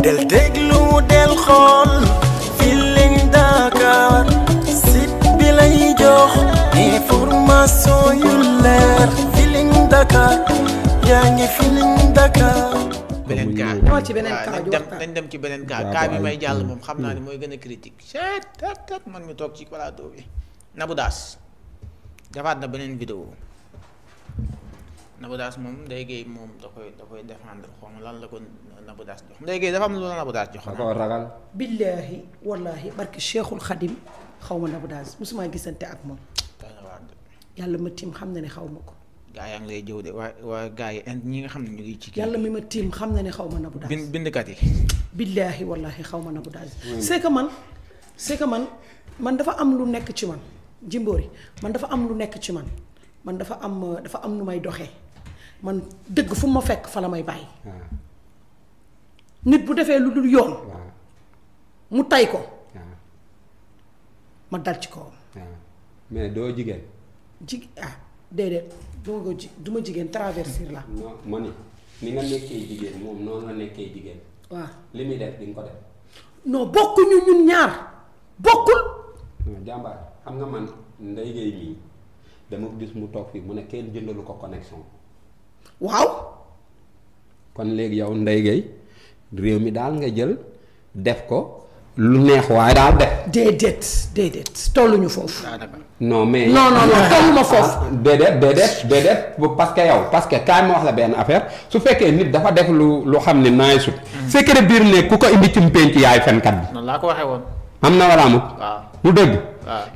del déglu del xool Feeling Dakar site bi lay jox information yu leer Feeling Dakar yaa ngi Feeling Dakar. beneen kaa waaw dañ dem ci beneen kaa kaa bi may jàll moom xam naa ne hmm. mooy gën a critique seet tat tat man mi toog ci plateau bi Nabou Daas defaat na beneen vidéo Nabou Dash moom Ndeye Gueye moom da koy da koy défendre xaw ma lan la ko Nabou Dash jox Ndeye Gueye dafa am lu la Nabou Dash jox. da koo ragal. billaahi wallaahi barki Cheikhul xaw ma Nabou Dash mosuma gisante ak moom. yàlla ma tiim xam na ne xaw ma ko. gaa yaa ngi lay jëw de waa waa gaa yi ñi nga xam ne ñu ngi ci. yàlla mi ma tiim xam na ne xaw ma Nabou Dash. bind bindkat yi. billaahi wallaahi xaw ma Nabou Dash. c'est que man c'est que man man dafa am lu nekk ci man Jimbori man dafa am lu nekk ci man man dafa am dafa am nu may doxee. man dëgg fu ma fekk fa la may bàyyi. Ah. nit bu defee lu dul yoon. Ah. mu tay ko. Ah. ma dal ci kawam. mais doo jigéen. ji ah déedéet du ma ko jigéen traversir la. non man ni ni nga nekkee jigéen moom noonu la nekkee jigéen. waaw li muy def di ko def. non bokkuñu ñun ñaar bokkul. jàmbaar xam nga man ndey gay mii dama gis mu toog fii mu ne kenn jëndalu ko connexion. waaw. kon léegi yow Ndeye Gueye réew mi daal nga jël def ko lu neex waaye daal def. déedéet déedéet tolluñu foofu. Ah, non mais. non non non tolluma ah, foofu. déedéet déedéet déedéet parce que yow parce que kaay ma wax la benn affaire su fekkee nit dafa def lu lu xam ne naay sut. secret biir ne ku ko indi ci penc yaay fenkat bi. noonu laa woon. am na wala amut. waaw lu dëgg.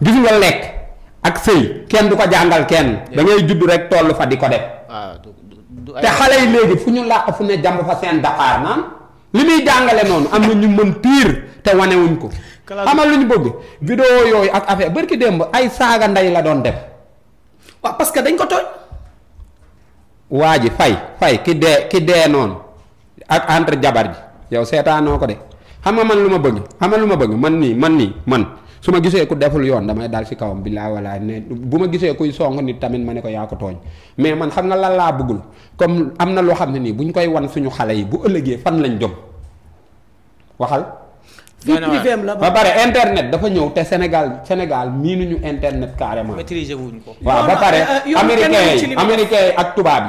gis nga lekk. ak sëy kenn du ko jàngal kenn. dangay ngay judd rek toll fa di ko def. te xale yi léegi fu ñu làq fu ne jàmb fa seen daqaar naan li muy jàngale noonu am na ñu mën pire te wanewuñ ko. xamal lu ñu bëgg. vidéo yooyu ak affaire bërki démb ay saaga ndey la doon def. waaw parce que dañ ko tooñ. waa ji fay fay ki dee ki dee noonu ak entre jabar ji yow seetaanoo ko de xam nga man lu ma bëgg xam lu ma bëgg man nii man nii man. su ma gisee ku deful yoon damay dal si kawam billaa walaay ne bu ma gisee kuy song nit tamit ma ne ko yaa ko tooñ mais man xam nga lan laa bëggul comme am na loo xam ne nii bu ñu koy wan suñu xale yi bu ëllëgee fan lañ jëm waxal. ba pare internet dafa ñëw te Sénégal Sénégal miinuñu internet carrément. maîtriser wuñ ko. waaw ba pare euh, américain yi américain yi ak tubaab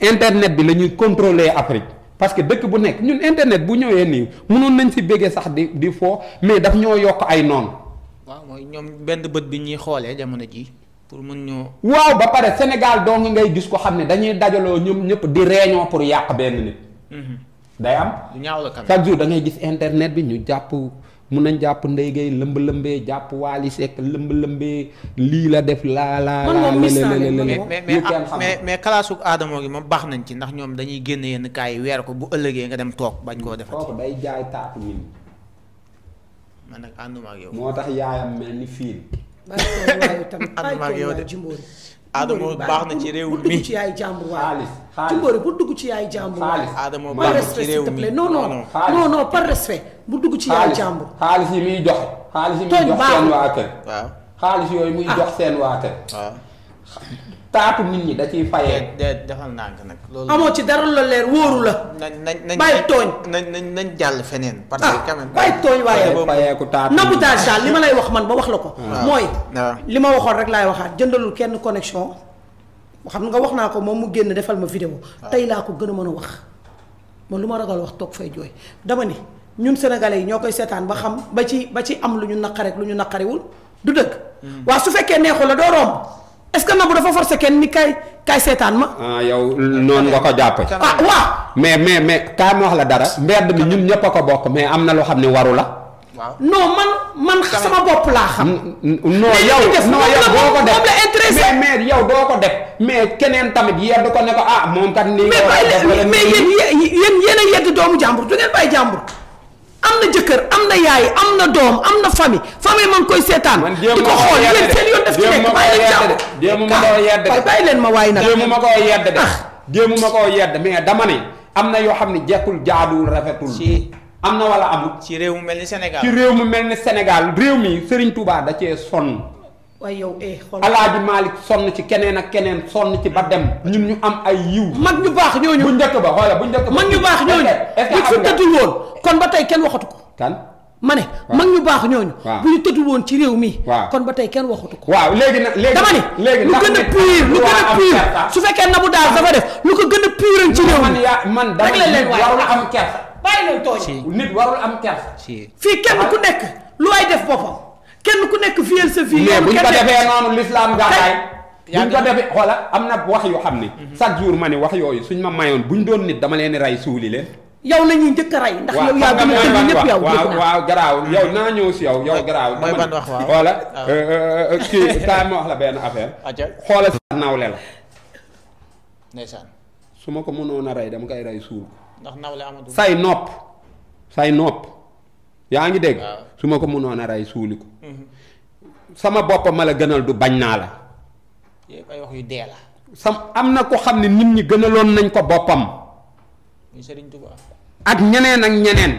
yi. internet bi la ñuy contrôler Afrique. parce que dëkk bu nekk ñun internet bu ñëwee nii mënoon nañ si béggee sax di di foo mais daf ñoo yokk ay noonu. waaw mooy ñoom benn bët bi ñuy xoolee jamono ji pour mën ñoo. waaw ba pare Sénégal dong ngay gis ko xam ne dañuy dajaloo ñoom ñëpp di réunion pour yàq benn mhm. day am. du ñaaw la chaque jour da gis internet bi ñu jàpp. mun nañ jàpp ndéygay lëmb lëmbee jàpp waali sekk lëmb lëmbee lii la def laa laa laa lëlëlëlëlë mais mais kalaasu aadamoo gi moom baax nañ ci ndax ñoom dañuy génn yenn kaay weer ko bu ëllëgee nga dem toog bañ koo defati kooku bay jaay taatu nit man nag ànduma moo tax yaayam mel ni fiil. ànduma ak yow de baax na ci réew mi dugg ci yaay jàmbur waaye. xaalis bu dugg ci yaay jàmbur waaye. Adamo baax na ci réew mi non non non non par respect bu dugg ci yaay jàmbur. xaalis yi muy jox seen waa kër. waaw xaalis yooyu muy ah. seen waa taatu nit ñi da ciy fayee. defal ndànk nag. loolu amoo ci dara la leer wóoru la. nañ bàyyi tooñ. nañ nañ jàll feneen. parce ah, que tooñ waaye. fayeeku taatu nabutage daal li ma lay wax man ba wax la ko. Ah. mooy. Ah. li ma waxoon rek laay waxaat jëndalul kenn connexion. xam nga wax naa ko moom mu génn defal ma vidéo tey laa ko gën a mën a wax man lu ma ragal wax toog fay jooy dama ni ñun sénégalais yi ñoo koy seetaan ba xam ba ci ba ci am lu ñu naqarek lu ñu naqariwul du dëgg. Hmm. waaw su fekkee neexu la doo est-ce que Nabou dafa forcer kenn ni kay kay seetaan ma. ah yow noonu nga ko jàppe ah, ah waaw. mais mais mais kaa wax la dara. mbedd mi ñun ñëpp a ko bokk mais am na loo xam ne waru la. non man man sama bopp laa xam. non yow non yow ko def mais doo ko def mais keneen tamit yedd ko ne ah moom kat. nii mais mais yéen yéen a yedd doomu jàmbur du ngeen bàyyi jàmbur. am na jëkkër am na yaay am na doom am na famille famille man koy seetaan. man a ko xool yéen seen yoon def ci nekk bàyyi leen ma koo ah, yedd de bàyyi leen ma waay nag. yedd de. Ah. jéem ma koo yedd mais dama ne am na yoo xam ne jekkul jaaduwul rafetul. ci am na wala amul. ci réew mu mel ni Sénégal réew mu mel ni Sénégal réew mi sëriñ Touba da cee sonn. waaye yow eh xool alaaji Malick sonn ci keneen ak keneen sonn ci ba dem ñun ñu am ay yiw mag ñu baax ñooñu bu njëkk ba xoola bu njëkk ba mag ñu baax ñooñu bu fi tëddul woon ba tey kenn waxatu ko kan ma ne mag ñu baax ñooñu bu ñu tëddul woon ci réew mi kon ba tey kenn waxatu ko waaw léegi nag léegi dama ne léegi lu gën a pire lu gën a pire su fekkee nabu daal dafa def lu ko gën a pire ci réew mi man man rek la leen waay warul am kersa bàyyi leen tooñ nit warul fii kenn ku nekk lu waay def boppam kenn ku nekk fiyal sa fii. bu ñu ko defee noonu l'islam gàddaay. yaa ngi ko defee xoola am na wax yoo xam ni. chaque jour ma ni wax yooyu suñ ma mayoon bu ñu doon nit dama leen di rey suuli leen. yow lañuy jëkk njëkk a rey ndax yow yaa gën a naa ñëw si yow yow garaaw mooy ban wax waaw xoola ah. euh, euh, euh, kii kaay ma wax la benn affaire xoola sa nawle la ndeysaan su ma ko mënoon a rey dama koy rey suul ndax nawle amatul say nopp say nopp yaa ngi dégg. su ma ko mënoon a rey suuli ko. sama bopp ma la gënal du bañ naa la. yëpp yu dee la. sam am na ko xam ne nit ñi gënaloon nañ ko boppam. muy Serigne Touba. ak ñeneen ak ñeneen.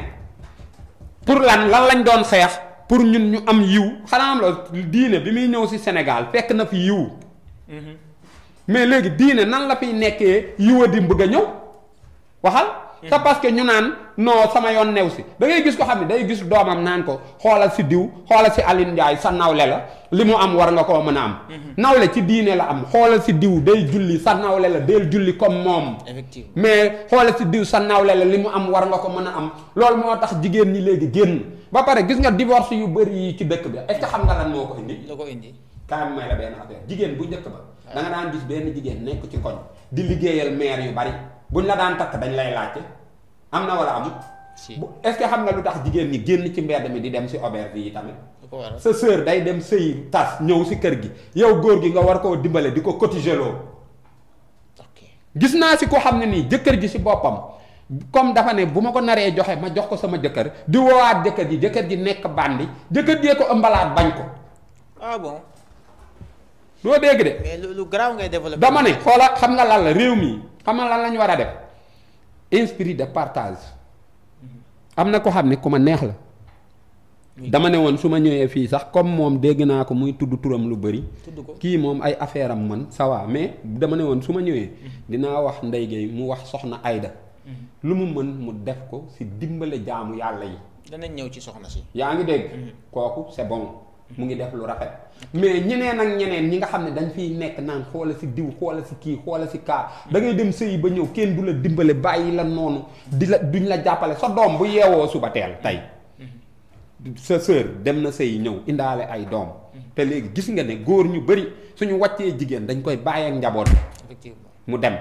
pour lan lan lañ doon xeex. pour ñun ñu am yiw xanaa am la diine bi muy ñëw ci Sénégal fekk na fi yiw. Mhm. mais léegi diine nan la fiy nekkee yiw di bëgg a ñëw waxal. c'est parce que ñu naan noo sama yoon new si da ngay gis ko xam ne day gis doomam naan ko xoolal si diw xoolal si Aline Ndiaye sa nawle la li mu am war nga koo mën a am mhm. nawle ci diine la am xoolal si diw day julli sa nawle la del julli comme moom mais xoolal si diw sa nawle la li mu am war nga ko mën a am loolu moo tax jigéen ñi léegi génn ba pare gis nga divorce yu bëri yi ci dëkk bi est xam nga lan moo ko indi la ko indi kaay may jigéen bu njëkk ba ah. da nga daan gis benn jigéen nekk ci koñ di liggéeyal maire yu bari bu ñu la daan takk dañ lay laajte am na wala amut. bu est ce que xam nga lu tax jigéen ñi génn ci mbedd mi di dem si auberge yi tamit. sa sœur day dem sëy tas ñëw si kër gi yow góor gi nga war koo dimbale di ko cotiser loo. gis naa si ko xam ne nii jëkkër ji si boppam comme dafa ne bu ma ko naree joxe ma jox ko sama jëkkër di woowaat jëkkër ji jëkkër ji nekk bandi jëkkër jee ko ëmbalaat bañ ko. ah bon. doo dégg de. garaaw ngay développé. dama ne xoola xam nga lan réew mi. xam nga lan la war a def esprit de partage am na ko xam ne ku ma neex la. dama ne woon su ma ñëwee fii sax comme moom dégg naa ko muy tudd turam lu bëri. kii moom ay affaire am man ça va mais dama ne woon su ma ñëwee. Mhm. dinaa wax Ndeye Gueye mu wax soxna Aida. Mhm. lu mu mën mu def ko si dimbale jaamu yàlla yi. danañ ñëw ci soxna si. yaa ngi dégg. Mhm. kooku sebon mu ngi def lu rafet mais ñeneen ak ñeneen ñi nga xam ne dañ fiy nekk naan xoola si diw xoola si kii xoola si kaa da ngay dem sëyi ba ñëw kenn du la dimbale bàyyi la noonu di la duñ la jàppale sa doom bu yeewoo suba teel tey sa sœur dem na sëyi ñëw indaale ay doom te léegi gis nga ne góor ñu bëri suñu wàccee jigéen dañ koy bàyyi ak njaboot mu dem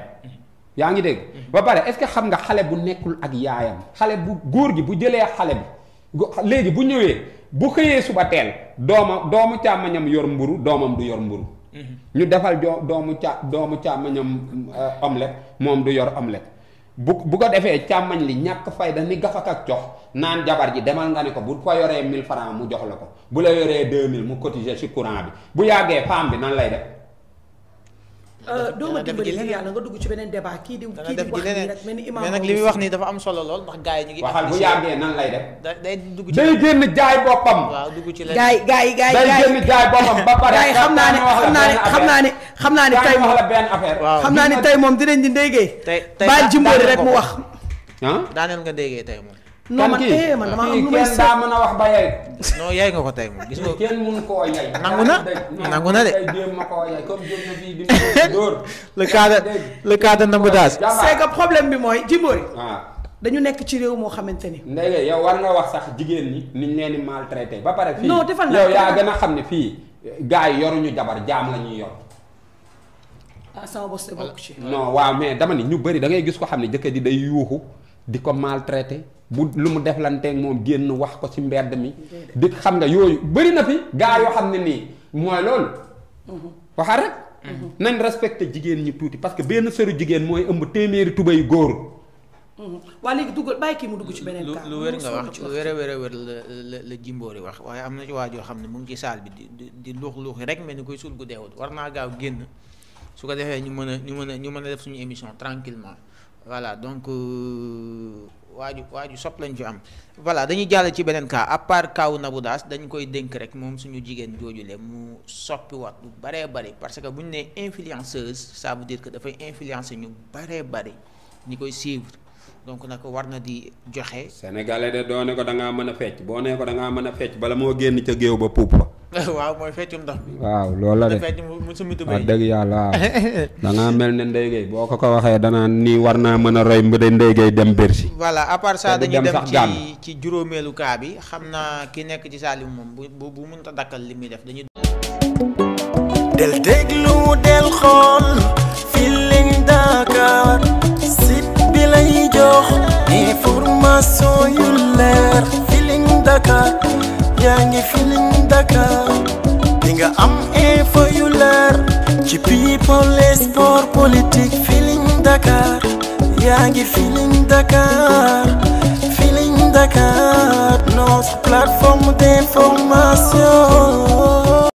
yaa ngi dégg ba pare est-ce que xam nga xale bu nekkul ak yaayam xale bu góor gi bu jëlee xale bi léegi bu ñëwee bu xëyee suba teel dooma doomu càmmañam yor mburu doomam du yor mburu mhm. ñu defal joo doomu ca doomu càmmañam euh, omelette moom du yor omelette bu bu ko defee càmmañ li ñàkk fayda ni gafak ak jox naan jabar ji demal nga ne ko bu ko yoree 1000 francs mu jox la ko bu la yoree 2000 mu cotiser ci courant bi bu yàggee femme bi nan lay def Euh, dooma dimbali ngir yàlla nga dugg ci beneen débat kii di kii di wax nii rek mel ni imam mais nag li muy wax nii dafa am solo lool ndax gars yi ñu ngi waxal bu yàggee nan lay def day dugg ci day génn jaay boppam waaw dugg ci leen gaay gaay gaay day génn jaay boppam ba pare gaay xam naa ne xam naa ne xam naa ne xam naa ne tey moom benn affaire xam naa ne tey moom dinañ di ndéygee baal jimbóori rek mu wax daaneel nga ndéygee tey moom non man tey eh, man damaa am lu may kenn daa mën a wax ba yaay. non yaay nga ko tey moom gis nga. kenn mënu koo yaay. nangu na nangu na de. le cas de le cas de Nambou Daas. c'est que problème bi mooy Jimbori. Ah. dañu nekk ci réew moo xamante ni. ndege yow war nga wax sax jigéen ñi. niñ leen di maltraité ba pare. fii yow yaa gën a xam ne fii. gars yi yoruñu jabar jaam la ñuy yor. ah sama bos de bokk ci. non waaw mais dama ni ñu bëri da ngay gis ko xam ne jëkkër ji day yuuxu di ko maltraité bu lu mu deflanteeg moom génn wax ko ci mbedd mi di xam nga yooyu bëri na fi gaa yoo xam ne nii mooy loolu mm-hmm. waxaat rek mm-hmm. nañ respecté jigéen ñu tuuti parce que benn sëru jigéen mooy ëmb téeméeri tubay góor mm-hmm. waa léegi duggal bàyyi kii mu dugg ci beneen cas lu wér nga wax wér a wér a wér la la jimboori wax waaye am na ci waajoo xam ne mu ngi ci saal bi di di luux luuxi rek mel ni koy suul gu deewut war naa gaaw génn su ko defee ñu mën a ñu mën a ñu mën a def suñu émission tranquillement voilà donc waa euh, waaju waaju sop lañ fi am voilà dañuy jàll ci beneen cas à kaaw kaw Nabou Daas dañ koy dénk rek moom suñu jigéen joojule mu soppi wat lu baree bari parce que bu ñu nee influenceuse ça veut dire que dafay influencer ñu baree bari ñi koy suivre donc nag war na di joxe. sénégalais de doo ne ko dangaa ngaa mën a fecc boo ne ko da ngaa mën a fecc bala moo génn ca géew ba puup waaw mooy feccum ndox mi. waaw loolu la de wax dëgg yàlla waaw. da ngaa mel ne Ndeye boo ko ko waxee danaa ni war naa mën a roy mbënd Ndeye Gueye dem Bercy. voilà à part ça dañuy dem ci ci juróomeelu kaa bi xam naa ki nekk ci Salim moom bu bu bu mënta dakkal li muy def dañuy. del déglu del xool Feeling Dakar site bi lay jox information yu leer Feeling Dakar yaa ngi Feeling. Dakar nga am info yu leer ci people et sport politique Dakar yaa ngi Feeling Dakar Feeling Dakar notre plateforme d'information